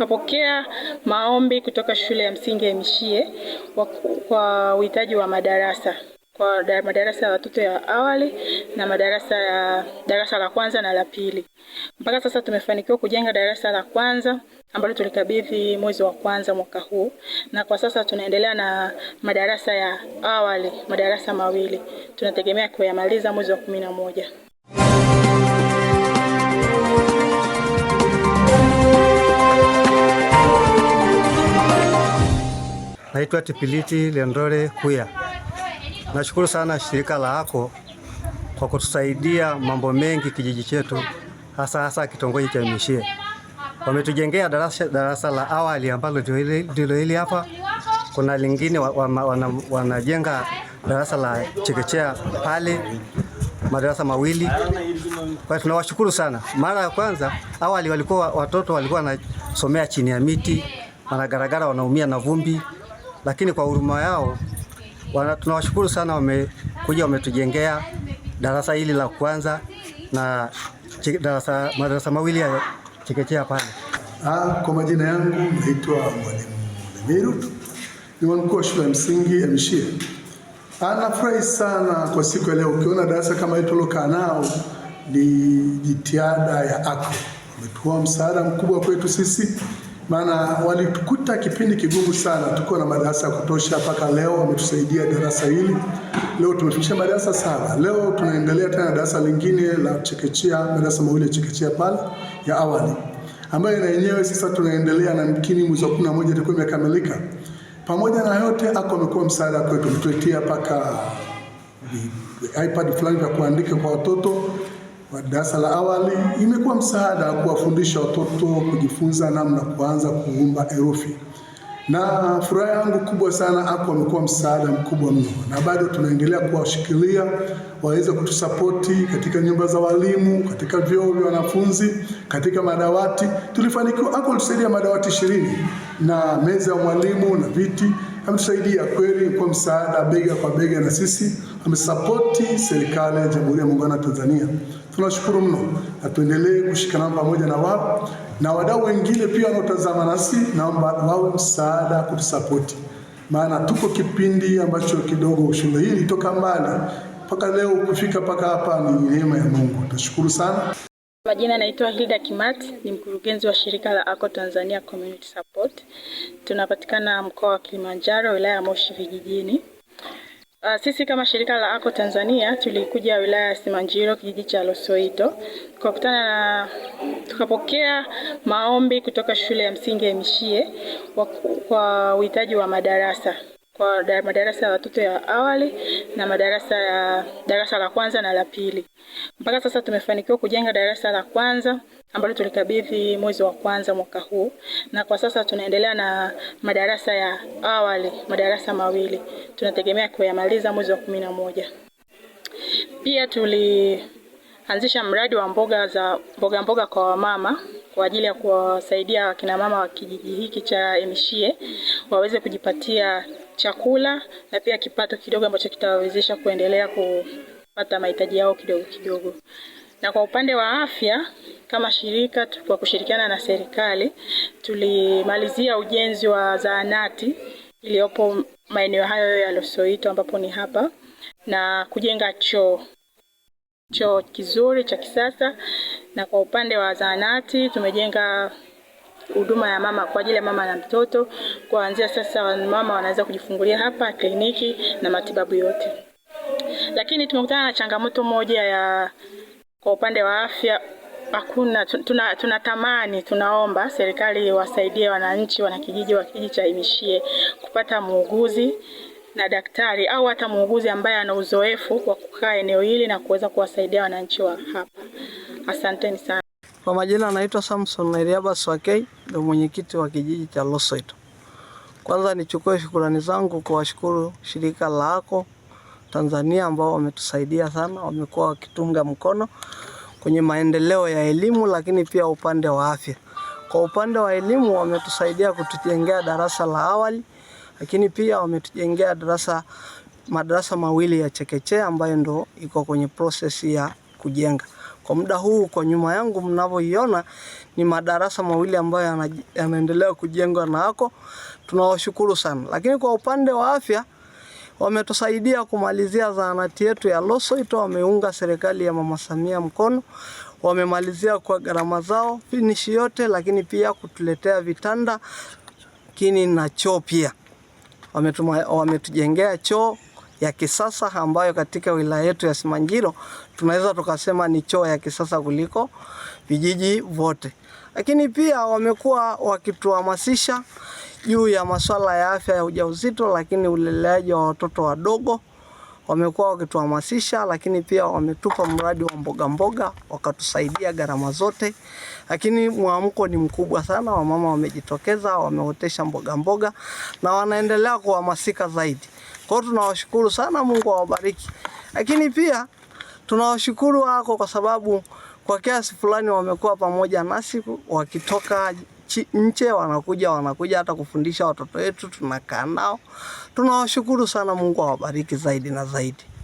tukapokea maombi kutoka shule ya msingi ya Mishie kwa uhitaji wa madarasa kwa madarasa ya watoto ya awali na madarasa ya darasa la kwanza na la pili. Mpaka sasa tumefanikiwa kujenga darasa la kwanza ambalo tulikabidhi mwezi wa kwanza mwaka huu, na kwa sasa tunaendelea na madarasa ya awali, madarasa mawili tunategemea kuyamaliza mwezi wa kumi na moja. Naitwa Tipiliti Lendore Kuya. Nashukuru sana shirika la ako kwa kutusaidia mambo mengi kijiji chetu, hasa hasa kitongoji cha Mishie. Wametujengea darasa, darasa la awali ambalo ndilo hili hapa. Kuna lingine wanajenga wana, wana darasa la chekechea pale, madarasa mawili. Kwa hiyo tunawashukuru sana. Mara ya kwanza awali walikuwa watoto walikuwa wanasomea chini ya miti, wanagaragara, wanaumia na vumbi lakini kwa huruma yao wana, tunawashukuru sana, wamekuja wametujengea darasa hili la kwanza na darasa, madarasa mawili ya chekechea pale. Ah, kwa majina yangu naitwa Mwalimu Namiru, ni mkuu wa shule ya msingi Mshia. Anafurahi ah, sana kwa siku ya leo. Ukiona darasa kama hili tulokaa nao ni jitihada ya ACRO, wametoa msaada mkubwa kwetu sisi maana walikuta kipindi kigumu sana, tuko na madarasa ya kutosha mpaka leo, wametusaidia darasa hili. Leo tumefikisha madarasa saba. Leo tunaendelea tena darasa lingine la chekechea, madarasa mawili ya chekechea pale ya awali, ambayo na yenyewe sasa tunaendelea na mkini, mwezi wa kumi na moja itakuwa imekamilika. Pamoja na yote, ako amekuwa msaada kwetu, mtuletea mpaka iPad fulani vya kuandika kwa watoto wa darasa la awali imekuwa msaada kuwafundisha watoto kujifunza namna kuanza kuumba herufi, na furaha yangu kubwa sana ACCOA amekuwa msaada mkubwa mno, na bado tunaendelea kuwashikilia waweze kutusapoti katika nyumba za walimu, katika vyoo vya wanafunzi, katika madawati. Tulifanikiwa, ACCOA tusaidia madawati ishirini na meza ya mwalimu na viti ametusaidia kweli kwa msaada bega kwa bega, na sisi amesapoti serikali ya Jamhuri ya Muungano wa Tanzania. Tunashukuru mno na tuendelee kushikamana pamoja na wao na wadau wengine pia wanaotazama nasi, naomba wawe msaada kutusapoti, maana tuko kipindi ambacho kidogo. Shule hii ilitoka mbali mpaka leo kufika mpaka hapa ni neema ya Mungu, tunashukuru sana. Majina naitwa Hilda Kimati, ni mkurugenzi wa shirika la ACO Tanzania Community Support. Tunapatikana mkoa wa Kilimanjaro, wilaya ya Moshi vijijini. Uh, sisi kama shirika la ACO Tanzania tulikuja wilaya ya Simanjiro kijiji cha Losoito, tukakutana na tukapokea maombi kutoka shule ya msingi ya Mishie kwa uhitaji wa madarasa kwa madarasa ya watoto ya awali na madarasa ya darasa la kwanza na la pili. Mpaka sasa tumefanikiwa kujenga darasa la kwanza ambalo tulikabidhi mwezi wa kwanza mwaka huu, na kwa sasa tunaendelea na madarasa ya awali, madarasa mawili tunategemea kuyamaliza mwezi wa kumi na moja. Pia tulianzisha mradi wa mboga za mboga mboga kwa wamama kwa ajili ya kuwasaidia wakina mama wa kijiji hiki cha Emishie waweze kujipatia chakula na pia kipato kidogo ambacho kitawawezesha kuendelea kupata mahitaji yao kidogo kidogo. Na kwa upande wa afya, kama shirika kwa kushirikiana na serikali tulimalizia ujenzi wa zahanati iliyopo maeneo hayo ya Losoito ambapo ni hapa na kujenga choo choo kizuri cha kisasa. Na kwa upande wa zahanati tumejenga huduma ya mama kwa ajili ya mama na mtoto. Kuanzia sasa mama wanaweza kujifungulia hapa kliniki na matibabu yote, lakini tumekutana na changamoto moja ya kwa upande wa afya hakuna, tuna, tunatamani tunaomba serikali wasaidie wananchi wanakijiji wa kijiji cha Imishie kupata muuguzi na daktari au hata muuguzi ambaye ana uzoefu wa kukaa eneo hili na kuweza kuwasaidia wananchi wa hapa. Asanteni sana. Kwa majina anaitwa Samson Nairiaba Swakei, ndio mwenyekiti wa kijiji cha Losoito. Kwanza nichukue shukurani zangu kuwashukuru shirika la ako Tanzania ambao wametusaidia sana, wamekuwa wakitunga mkono kwenye maendeleo ya elimu, lakini pia upande wa afya. Kwa upande wa elimu wametusaidia kutujengea darasa la awali, lakini pia wametujengea darasa madarasa mawili ya chekechea ambayo ndo iko kwenye prosesi ya kujenga. Kwa muda huu kwa nyuma yangu mnavyoiona ni madarasa mawili ambayo yanaendelea kujengwa na ako tunawashukuru sana, lakini kwa upande wa afya wametusaidia kumalizia zahanati yetu ya Losoito, wameunga serikali ya Mama Samia mkono, wamemalizia kwa gharama zao finish yote, lakini pia kutuletea vitanda kini na choo pia wametujengea choo ya kisasa ambayo katika wilaya yetu ya Simanjiro tunaweza tukasema ni choo ya kisasa kuliko vijiji vote lakini pia wamekuwa wakituhamasisha juu ya masuala ya afya ya ujauzito, lakini uleleaji wa watoto wadogo wamekuwa wakituhamasisha, lakini pia wametupa mradi wa mboga mboga, wakatusaidia gharama zote. Lakini mwamko ni mkubwa sana, wamama wamejitokeza, wameotesha mboga mboga na wanaendelea kuhamasika zaidi. Kwa hiyo tunawashukuru sana, Mungu awabariki. Lakini pia tunawashukuru wako kwa sababu kwa kiasi fulani wamekuwa pamoja nasi wakitoka nje, wanakuja wanakuja hata kufundisha watoto wetu, tunakaa nao. Tunawashukuru sana, Mungu awabariki zaidi na zaidi.